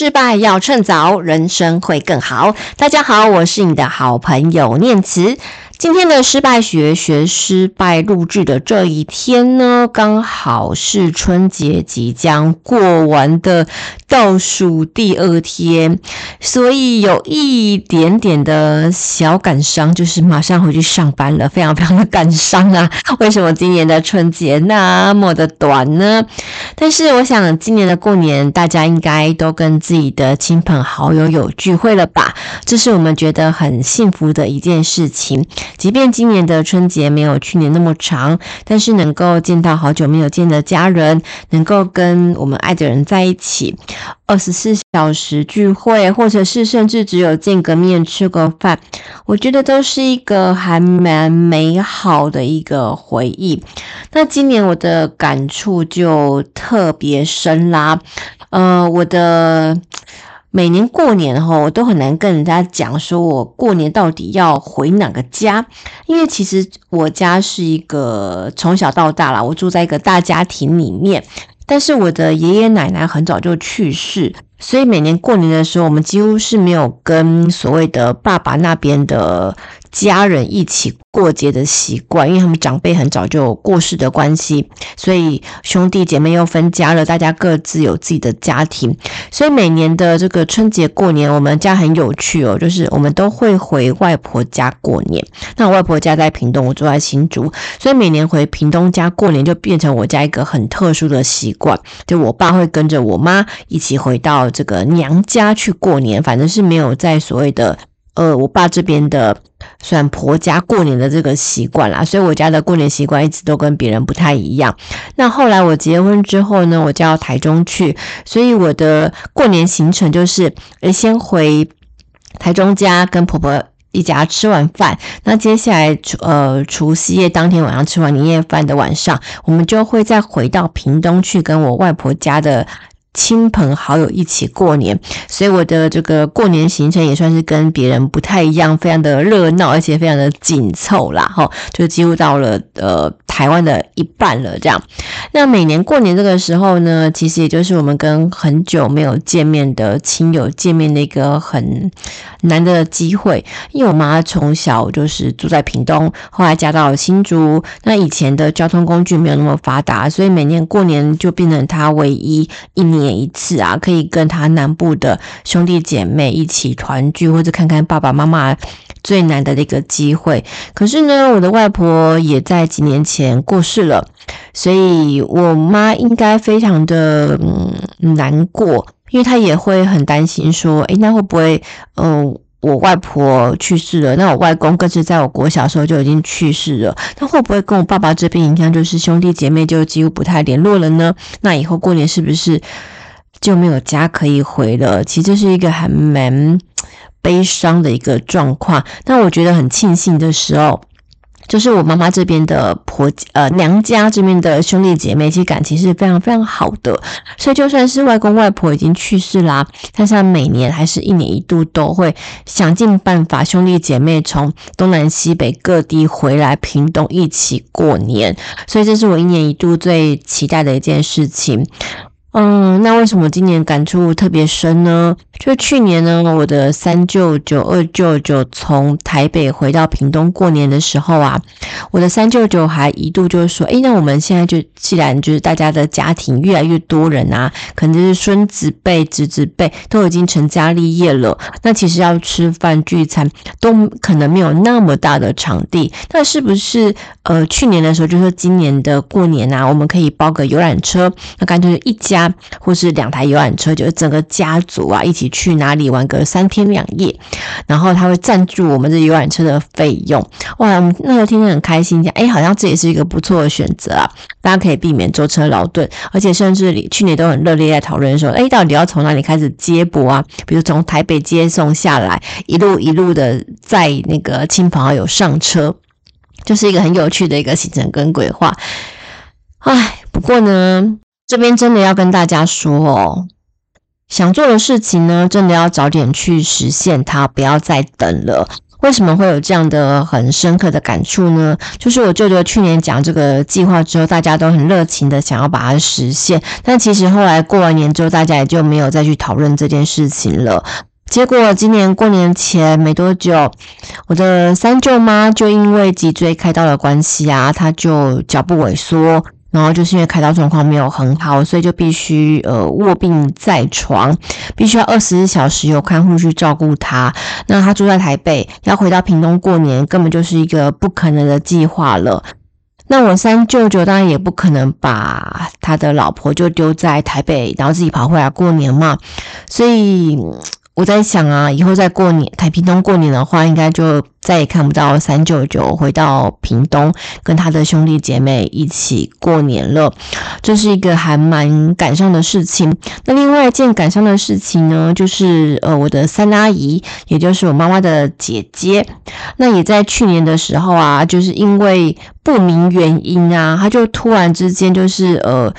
失敗要趁早，人生會更好。大家好，我是你的好朋友念慈。今天的失敗學，學失敗錄製的這一天呢，剛好是春節即將過完的倒數第二天，所以有一點點的小感傷，就是馬上回去上班了，非常非常的感傷啊！為什麼今年的春節那麼的短呢？但是我想今年的過年，大家應該都跟自己的親朋好友有聚會了吧？這是我們覺得很幸福的一件事情。即便今年的春節沒有去年那麼長，但是能夠見到好久沒有見的家人，能夠跟我們愛的人在一起，二十四小時聚會，或者是甚至只有見個面吃個飯，我覺得都是一個還蠻美好的一個回憶。那今年我的感觸就特別深啦，呃，我的。每年過年後，我都很難跟人家講說，我過年到底要回哪個家，因為其實我家是一個從小到大啦，我住在一個大家庭裡面，但是我的爺爺奶奶很早就去世，所以每年過年的時候，我們幾乎是沒有跟所謂的爸爸那邊的。家人一起過節的習慣，因為他們長輩很早就有過世的關係，所以兄弟姐妹又分家了，大家各自有自己的家庭。所以每年的這個春節過年，我們家很有趣哦，就是我們都會回外婆家過年。那我外婆家在屏東，我住在新竹，所以每年回屏東家過年就變成我家一個很特殊的習慣。就我爸會跟着我媽一起回到這個娘家去過年，反正是沒有在所謂的呃我爸這邊的。算婆家過年的這個習慣啦，所以我家的過年習慣一直都跟別人不太一樣。那後來我結婚之後呢，我嫁到台中去，所以我的過年行程就是，先回台中家跟婆婆一家吃完飯，那接下來，呃，除夕夜當天晚上吃完年夜飯的晚上，我們就會再回到屏東去跟我外婆家的。親朋好友一起過年，所以我的這個過年行程也算是跟別人不太一樣，非常的熱鬧，而且非常的緊湊啦，哈，就幾乎到了呃。台灣的一半了，這樣。那每年過年這個時候呢，其實也就是我們跟很久沒有見面的親友見面的一個很難得的機會。因為我媽從小就是住在屏東，後來嫁到了新竹。那以前的交通工具沒有那麼發達，所以每年過年就變成她唯一一年一次啊，可以跟她南部的兄弟姐妹一起團聚，或者看看爸爸媽媽最難得的一個機會。可是呢，我的外婆也在幾年前，過世了，所以我媽應該非常的難過，因為她也會很擔心說，哎，那會不會，呃，我外婆去世了，那我外公更是在我國小時候就已經去世了，那會不會跟我爸爸這邊影響，就是兄弟姐妹就幾乎不太聯絡了呢？那以後過年是不是就沒有家可以回了？其實這是一個還蠻悲傷的一個狀況。但我覺得很慶幸的時候。就是我媽媽這邊的婆，呃，娘家這邊的兄弟姐妹，其實感情是非常非常好的，所以就算是外公外婆已經去世啦，但是每年還是一年一度都會想盡辦法，兄弟姐妹從東南西北各地回來，屏東一起過年，所以這是我一年一度最期待的一件事情。嗯，那為什麼今年感觸特別深呢？就去年呢，我的三舅舅、二舅舅從台北回到屏東過年的時候啊，我的三舅舅還一度就是說，誒、欸、那我們現在就既然就是大家的家庭越來越多人啊，可能就是孫子輩、侄子輩都已經成家立業了，那其實要吃飯聚餐都可能沒有那麼大的場地，那是不是呃，去年的時候就說、是、今年的過年啊，我們可以包個遊覽車，那乾脆就一家。啊，或是兩台遊覽車，就是整個家族啊，一起去哪裡玩個三天兩夜，然後他會贊助我們這遊覽車的費用。哇，我們那時候聽得很開心一下，講、欸、哎，好像這也是一個不錯的選擇啊，大家可以避免舟車勞頓，而且甚至你去年都很熱烈在討論說，哎、欸，到底要從哪裡開始接駁啊？比如從台北接送下來，一路一路的在那個親朋好友上車，就是一個很有趣的一個行程跟規劃。哎，不過呢。這邊真的要跟大家說哦，想做的事情呢，真的要早點去實現它，不要再等了。為什麼會有這樣的很深刻的感觸呢？就是我舅舅去年講這個計劃之後，大家都很熱情的想要把它實現，但其實後來過完年之後，大家也就沒有再去討論這件事情了。結果今年過年前沒多久，我的三舅媽就因為脊椎開刀的關係啊，她就腳部萎縮。然後就是因為開刀狀況沒有很好，所以就必須呃臥病在床，必須要二十四小時有看護去照顧他。那他住在台北，要回到屏東過年，根本就是一個不可能的計劃了。那我三舅舅當然也不可能把他的老婆就丟在台北，然後自己跑回來過年嘛，所以。我在想啊，以後再過年，來屏東過年的話，應該就再也看不到三舅舅回到屏東跟他的兄弟姐妹一起過年了，這是一個還蠻感傷的事情。那另外一件感傷的事情呢，就是呃，我的三阿姨，也就是我媽媽的姐姐，那也在去年的時候啊，就是因為不明原因啊，她就突然之間就是呃。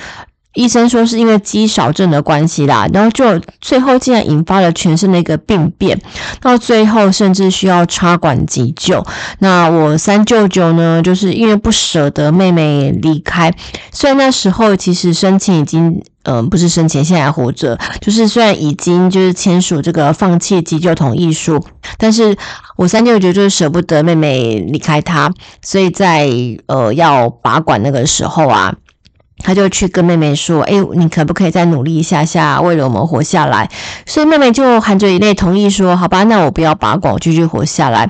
醫生說是因為肌少症的關係啦，然後就最後竟然引發了全身的一個病變，到最後甚至需要插管急救。那我三舅舅呢，就是因為不捨得妹妹離開，雖然那時候其實生前已經，嗯、呃，不是生前現在活着，就是雖然已經就是簽署這個放棄急救同意書，但是我三舅舅就是捨不得妹妹離開他，所以在呃要拔管那個時候啊。他就去跟妹妹說：“哎、欸，你可不可以再努力一下下，為了我們活下來？”所以妹妹就含着眼淚同意說：“好吧，那我不要拔管，我繼續活下來。”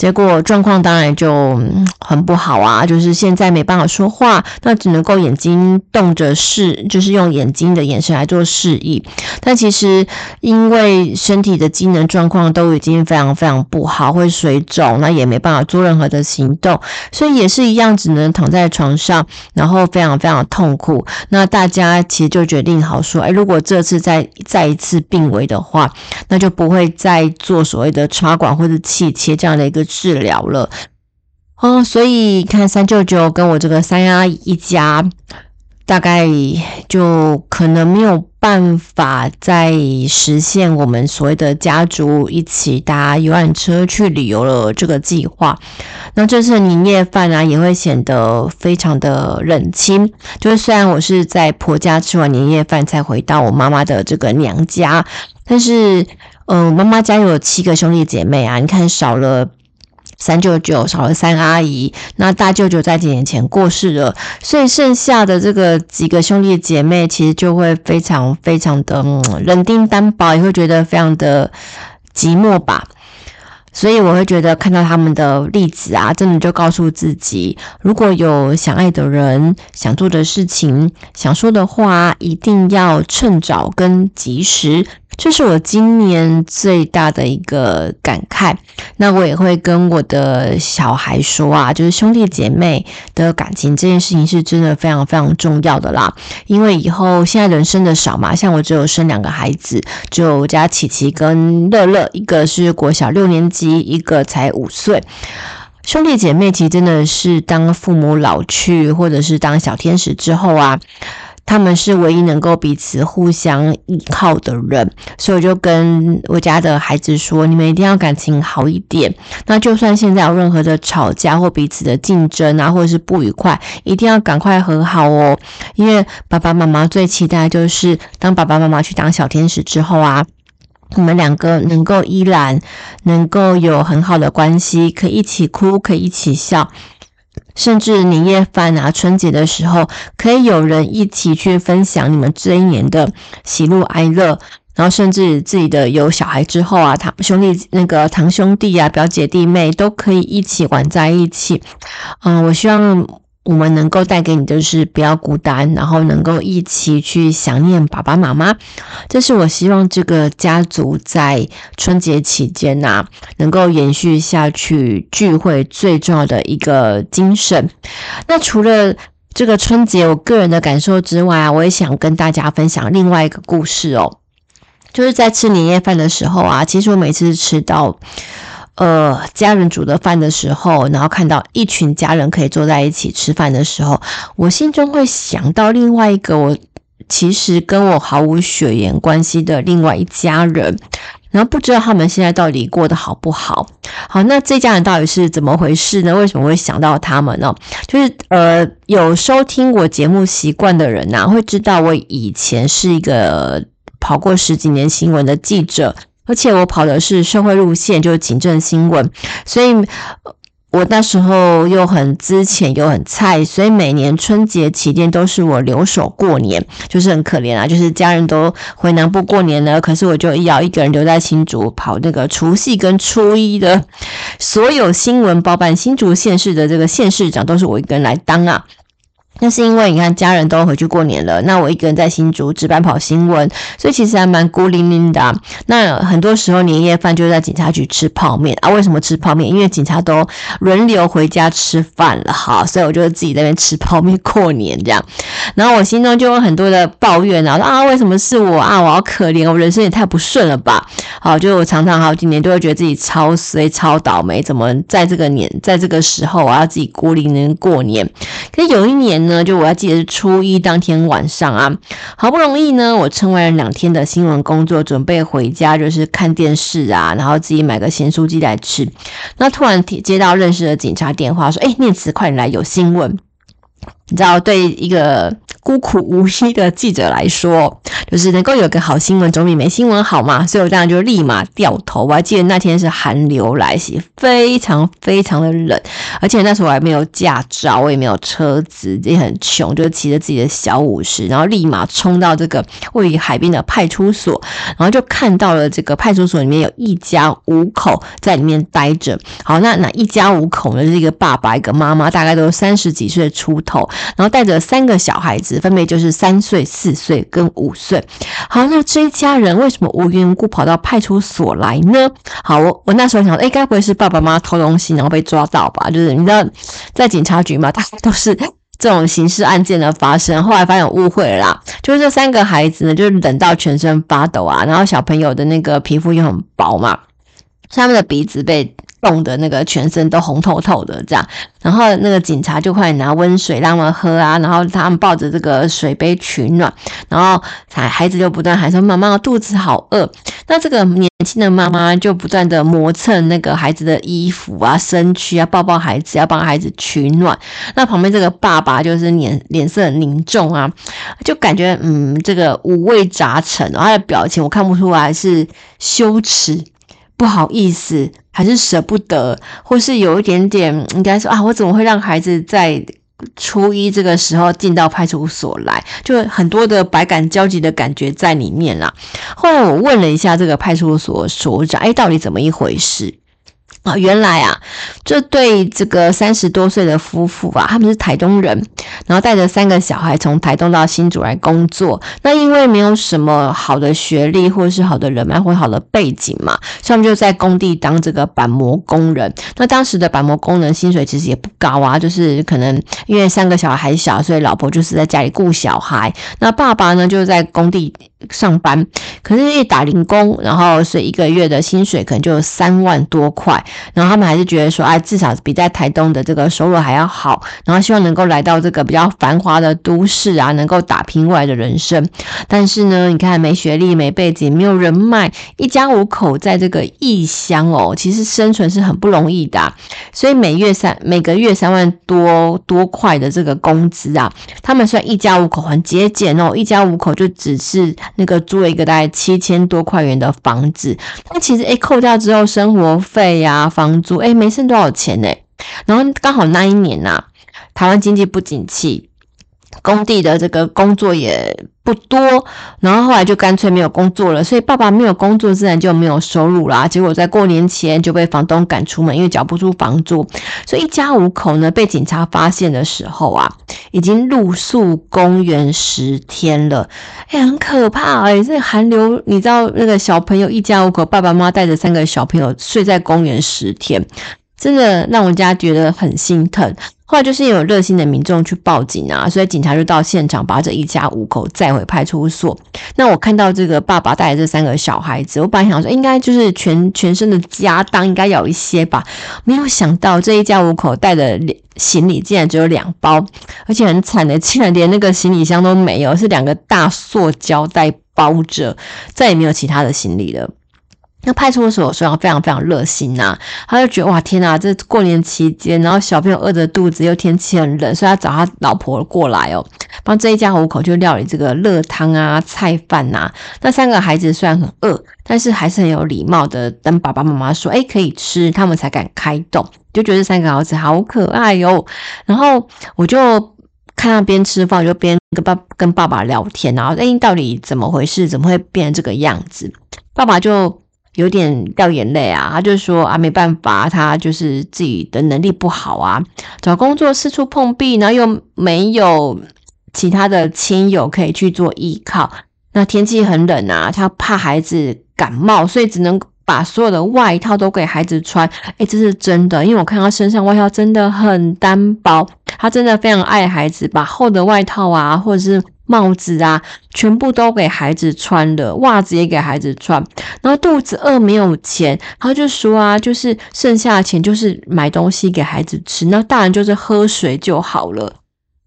結果狀況當然就很不好啊，就是現在沒辦法說話，那只能夠眼睛動着視，就是用眼睛的眼神來做示意。但其實因為身體的機能狀況都已經非常非常不好，會水腫，那也沒辦法做任何的行動，所以也是一樣，只能躺在床上，然後非常非常痛苦。那大家其實就決定好說，哎、欸，如果這次再再一次病危的話，那就不會再做所謂的插管或者氣切這樣的一個。治療了哦，所以看三舅舅跟我這個三阿姨一家，大概就可能沒有辦法再實現我們所謂的家族一起搭遊覽車去旅遊了這個計劃。那這次年夜飯呢、啊，也會顯得非常的冷清。就是雖然我是在婆家吃完年夜飯才回到我媽媽的這個娘家，但是嗯，媽、呃、媽家有七個兄弟姐妹啊，你看少了。三舅舅少了三阿姨。那大舅舅在幾年前過世了，所以剩下的這個幾個兄弟姐妹其實就會非常非常的伶仃單薄，也會覺得非常的寂寞吧。所以我會覺得看到他們的例子啊，真的就告訴自己，如果有想愛的人、想做的事情、想說的話，一定要趁早跟及時。這是我今年最大的一個感慨。那我也會跟我的小孩說啊，就是兄弟姐妹的感情這件事情是真的非常非常重要的啦，因為以後現在人生的少嘛，像我只有生兩個孩子，只有我家琪琪跟樂樂，一個是國小六年級，一個才五歲。兄弟姐妹其實真的是當父母老去，或者是當小天使之後啊。他們是唯一能夠彼此互相依靠的人，所以我就跟我家的孩子說：“你們一定要感情好一點。那就算現在有任何的吵架或彼此的競爭啊，或者是不愉快，一定要趕快和好哦。因為爸爸媽媽最期待的就是，當爸爸媽媽去當小天使之後啊，你們兩個能夠依然能夠有很好的關係，可以一起哭，可以一起笑。”甚至年夜飯啊，春節的時候可以有人一起去分享你們這一年的喜怒哀樂，然後甚至自己的有小孩之後啊，堂兄弟那個堂兄弟啊，表姐弟妹都可以一起玩在一起。嗯，我希望。我們能夠帶給你，就是不要孤單，然後能夠一起去想念爸爸媽媽。這是我希望這個家族在春節期間吶，啊，能夠延續下去聚會最重要的一個精神。那除了這個春節我個人的感受之外啊，我也想跟大家分享另外一個故事哦，就是在吃年夜飯的時候啊，其實我每次吃到。呃，家人煮的飯的時候，然後看到一群家人可以坐在一起吃飯的時候，我心中會想到另外一個我其實跟我毫無血緣關係的另外一家人，然後不知道他們現在到底過得好不好？好，那這家人到底是怎麼回事呢？為什麼會想到他們呢？就是呃，有收聽我節目習慣的人吶、啊，會知道我以前是一個跑過十幾年新聞的記者。而且我跑的是社會路線，就是警政新聞，所以我那時候又很資淺又很菜，所以每年春節期間都是我留守過年，就是很可憐啊！就是家人都回南部過年了，可是我就要一,一個人留在新竹跑那個除夕跟初一的所有新聞，包辦新竹縣市的這個縣市長都是我一個人來當啊。那是因為你看，家人都回去過年了，那我一個人在新竹值班，跑新聞，所以其實還蠻孤零零的啊。那很多時候年夜飯就是在警察局吃泡麵啊。為什麼吃泡麵？因為警察都輪流回家吃飯了哈，所以我就自己在那邊吃泡麵過年這樣。然後我心中就有很多的抱怨啊，然後說啊，為什麼是我啊？我好可憐，我人生也太不順了吧？好，就我常常好幾年都會覺得自己超衰、超倒霉，怎麼在這個年在這個時候我要自己孤零零過年？可是有一年呢，那就我要記得是初一當天晚上啊，好不容易呢，我撐完了兩天的新聞工作，準備回家，就是看電視啊，然後自己買個鹹酥雞來吃。那突然接到認識的警察電話，說：“誒、欸，念慈，快點來，有新聞。”你知道，對一個孤苦無依的記者來說，就是能夠有個好新聞總比沒新聞好嘛。所以我這樣就立馬掉頭。我還記得那天是寒流來襲，非常非常的冷，而且那時候我還沒有駕照，我也沒有車子，也很窮，就是、騎着自己的小五十，然後立馬衝到這個位於海邊的派出所，然後就看到了這個派出所裡面有一家五口在裡面待着。好，那那一家五口呢，就是一個爸爸，一個媽媽，大概都三十幾歲出頭。然後帶着三個小孩子，分別就是三歲、四歲跟五歲。好，那這一家人為什麼無緣無故跑到派出所來呢？好，我我那時候想，誒該不會是爸爸媽媽偷東西然後被抓到吧？就是你知道，在警察局嘛，大概都是這種刑事案件的發生。後來發現有誤會了啦，就是這三個孩子呢，就是冷到全身發抖啊，然後小朋友的那個皮膚又很薄嘛，所以他們的鼻子被凍得那個全身都紅透透的，這樣，然後那個警察就快拿溫水讓他們喝啊，然後他們抱着這個水杯取暖，然後孩孩子就不斷喊說：“媽媽，肚子好餓。”那這個年輕的媽媽就不斷的磨蹭那個孩子的衣服啊、身軀啊，抱抱孩子，要幫孩子取暖。那旁邊這個爸爸就是臉臉色很凝重啊，就感覺嗯，這個五味雜陳，然後他的表情我看不出來是羞恥。不好意思，還是捨不得，或是有一點點，應該說啊，我怎麼會讓孩子在初一這個時候進到派出所來？就很多的百感交集的感覺在裡面啦。後來我問了一下這個派出所所長，誒，到底怎麼一回事？啊，原來啊，這對這個三十多歲的夫婦啊，他們是台東人，然後帶着三個小孩從台東到新竹來工作。那因為沒有什麼好的學歷，或者是好的人脈或者好的背景嘛，所以他們就在工地當這個板模工人。那當時的板模工人薪水其實也不高啊，就是可能因為三個小孩小，所以老婆就是在家裡顧小孩，那爸爸呢就在工地。上班，可是一打零工，然後是一個月的薪水可能就有三萬多塊，然後他們還是覺得說，啊、哎，至少比在台東的這個收入還要好，然後希望能夠來到這個比較繁華的都市啊，能夠打拼未來的人生。但是呢，你看，沒學歷、沒背景、沒有人脈，一家五口在這個異鄉哦，其實生存是很不容易的、啊。所以每月三，每個月三萬多，多塊的這個工資啊，他們雖然一家五口很節儉哦，一家五口就只是。那個租了一個大概七千多塊元的房子，但其實誒、欸、扣掉之後生活費呀、啊、房租誒、欸、沒剩多少錢呢、欸？然後剛好那一年吶、啊，台灣經濟不景氣，工地的這個工作也。不多，然後後來就乾脆沒有工作了，所以爸爸沒有工作，自然就沒有收入啦、啊。結果在過年前就被房東趕出門，因為繳不出房租，所以一家五口呢，被警察發現的時候啊，已經露宿公園十天了，哎，很可怕哎、欸！這寒流，你知道那個小朋友一家五口，爸爸媽媽帶着三個小朋友睡在公園十天。真的讓我家覺得很心疼。後來就是有熱心的民眾去報警啊，所以警察就到現場把這一家五口載回派出所。那我看到這個爸爸帶着這三個小孩子，我本來想說，欸，應該就是全全身的家當應該有一些吧，沒有想到這一家五口帶的行李竟然只有兩包，而且很慘的，竟然連那個行李箱都沒有，是兩個大塑膠袋包着，再也沒有其他的行李了。那派出所所長非常非常熱心吶、啊，他就覺得哇天吶，這過年期間，然後小朋友餓着肚子，又天氣很冷，所以他找他老婆過來哦，幫這一家五口就料理這個熱湯啊、菜飯吶、啊。那三個孩子雖然很餓，但是還是很有禮貌的，跟爸爸媽媽說誒可以吃，他們才敢開動。就覺得三個孩子好可愛喲、哦。然後我就看他邊吃飯我就邊跟爸跟爸爸聊天，然後誒到底怎麼回事？怎麼會變成這個樣子？爸爸就。有點掉眼淚啊，他就說啊，沒辦法，他就是自己的能力不好啊，找工作四處碰壁，然後又沒有其他的親友可以去做依靠，那天氣很冷啊，他怕孩子感冒，所以只能。把所有的外套都給孩子穿，哎，這是真的，因為我看他身上外套真的很單薄，他真的非常愛孩子，把厚的外套啊，或者是帽子啊，全部都給孩子穿了，襪子也給孩子穿。然後肚子餓沒有錢，他就說啊，就是剩下的錢就是買東西給孩子吃，那大人就是喝水就好了。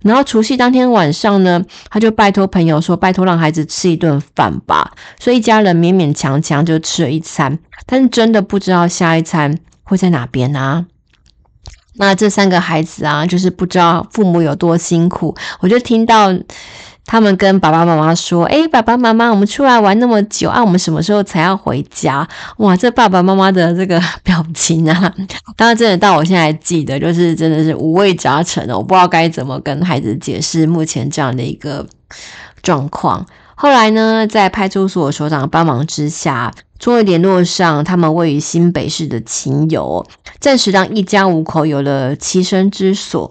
然後除夕當天晚上呢，他就拜託朋友說：“拜託讓孩子吃一頓飯吧。”所以一家人勉勉強強就吃了一餐，但是真的不知道下一餐會在哪邊啊。那這三個孩子啊，就是不知道父母有多辛苦。我就聽到。他們跟爸爸媽媽說：“哎，爸爸媽媽，我們出來玩那麼久啊，我們什麼時候才要回家？”哇，這爸爸媽媽的這個表情啊，當然真的到我現在還記得，就是真的是五味雜陳的，我不知道該怎麼跟孩子解釋目前這樣的一個狀況。後來呢，在派出所所長的幫忙之下，終於聯絡上他們位於新北市的親友，暫時讓一家五口有了棲身之所。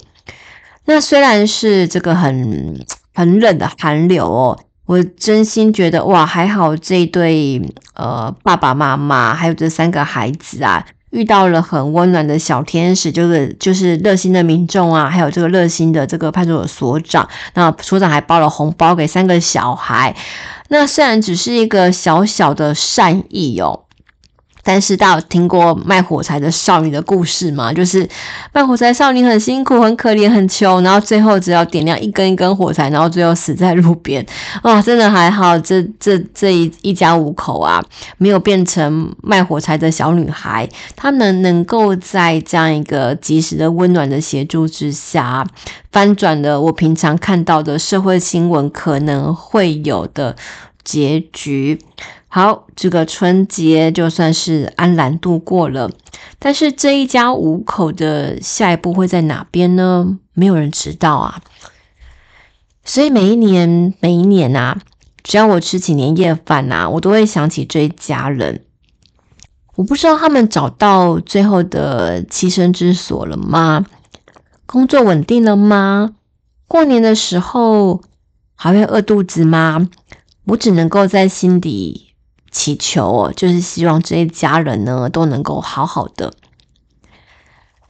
那雖然是這個很很冷的寒流哦，我真心覺得哇，還好這一對呃爸爸媽媽還有這三個孩子啊，遇到了很溫暖的小天使，就是就是熱心的民眾啊，還有這個熱心的這個派出所所長，那所長還包了紅包給三個小孩。那雖然只是一個小小的善意哦。但是，大家有聽過賣火柴的少女的故事嗎？就是賣火柴少女很辛苦、很可憐、很窮，然後最後只要點亮一根一根火柴，然後最後死在路邊。哇、哦，真的還好，這這這一一家五口啊，沒有變成賣火柴的小女孩。他們能夠在這樣一個及時的溫暖的協助之下，翻轉了我平常看到的社會新聞可能會有的結局。好，這個春節就算是安然度過了，但是這一家五口的下一步會在哪邊呢？沒有人知道啊。所以每一年，每一年吶、啊，只要我吃起年夜飯吶、啊，我都會想起這一家人。我不知道他們找到最後的棲身之所了嗎？工作穩定了嗎？過年的時候還會餓肚子嗎？我只能夠在心底，祈求哦、啊，就是希望這一家人呢都能夠好好的。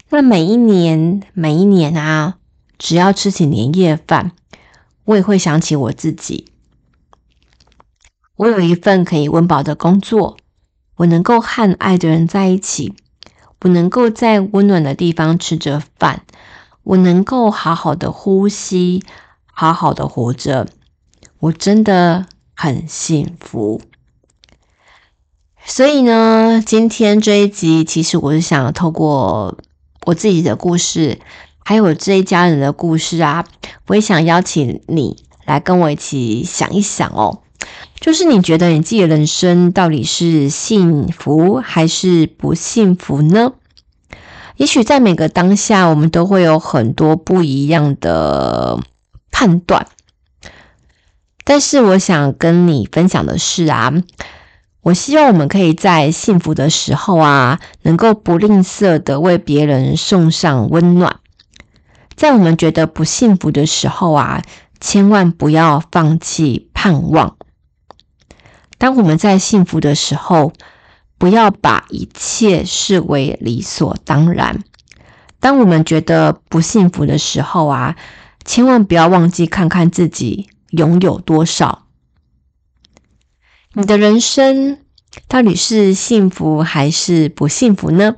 那每一年，每一年啊，只要吃起年夜飯，我也會想起我自己。我有一份可以溫飽的工作，我能夠和愛的人在一起，我能夠在溫暖的地方吃着飯，我能夠好好的呼吸，好好的活着，我真的很幸福。所以呢，今天這一集，其實我是想透過我自己的故事，還有我這一家人的故事啊，我也想邀請你來跟我一起想一想哦。就是你覺得你自己的人生到底是幸福還是不幸福呢？也許在每個當下，我們都會有很多不一樣的判斷，但是我想跟你分享的是啊。我希望我們可以在幸福的時候啊，能夠不吝嗇的為別人送上溫暖；在我們覺得不幸福的時候啊，千萬不要放棄盼望。當我們在幸福的時候，不要把一切視為理所當然；當我們覺得不幸福的時候啊，千萬不要忘記看看自己擁有多少。你的人生到底是幸福還是不幸福呢？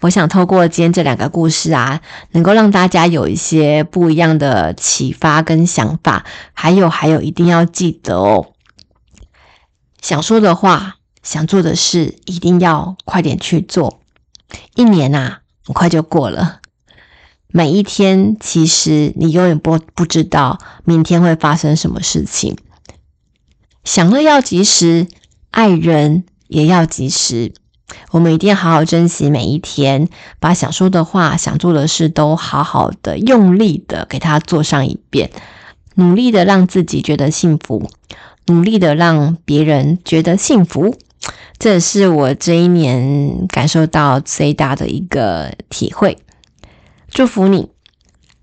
我想透過今天這兩個故事啊，能夠讓大家有一些不一樣的啟發跟想法。還有，還有，一定要記得哦，想說的話，想做的事，一定要快點去做。一年吶，很快就過了。每一天，其實你永遠不不知道明天會發生什麼事情。享樂要及時，愛人也要及時。我們一定要好好珍惜每一天，把想說的話、想做的事都好好的、用力的給他做上一遍，努力的讓自己覺得幸福，努力的讓別人覺得幸福。這也是我這一年感受到最大的一個體會。祝福你，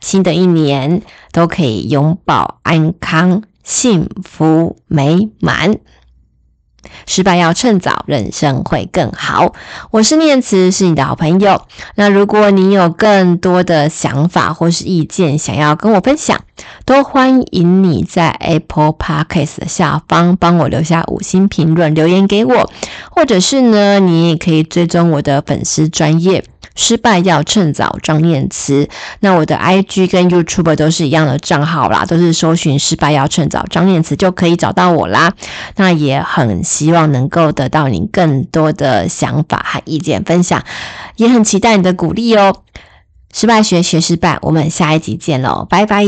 新的一年都可以永保安康。幸福美滿，失敗要趁早，人生會更好。我是念慈，是你的好朋友。那如果你有更多的想法或是意見，想要跟我分享，都歡迎你在 Apple Podcast 的下方幫我留下五星評論留言給我，或者是呢，你也可以追蹤我的粉絲專業。失敗要趁早，張念慈。那我的 IG 跟 YouTube 都是一樣的賬號啦，都是搜尋“失敗要趁早”，張念慈就可以找到我啦。那也很希望能夠得到您更多的想法和意見分享，也很期待你的鼓勵哦。失敗學學失敗，我們下一集見嘍，拜拜。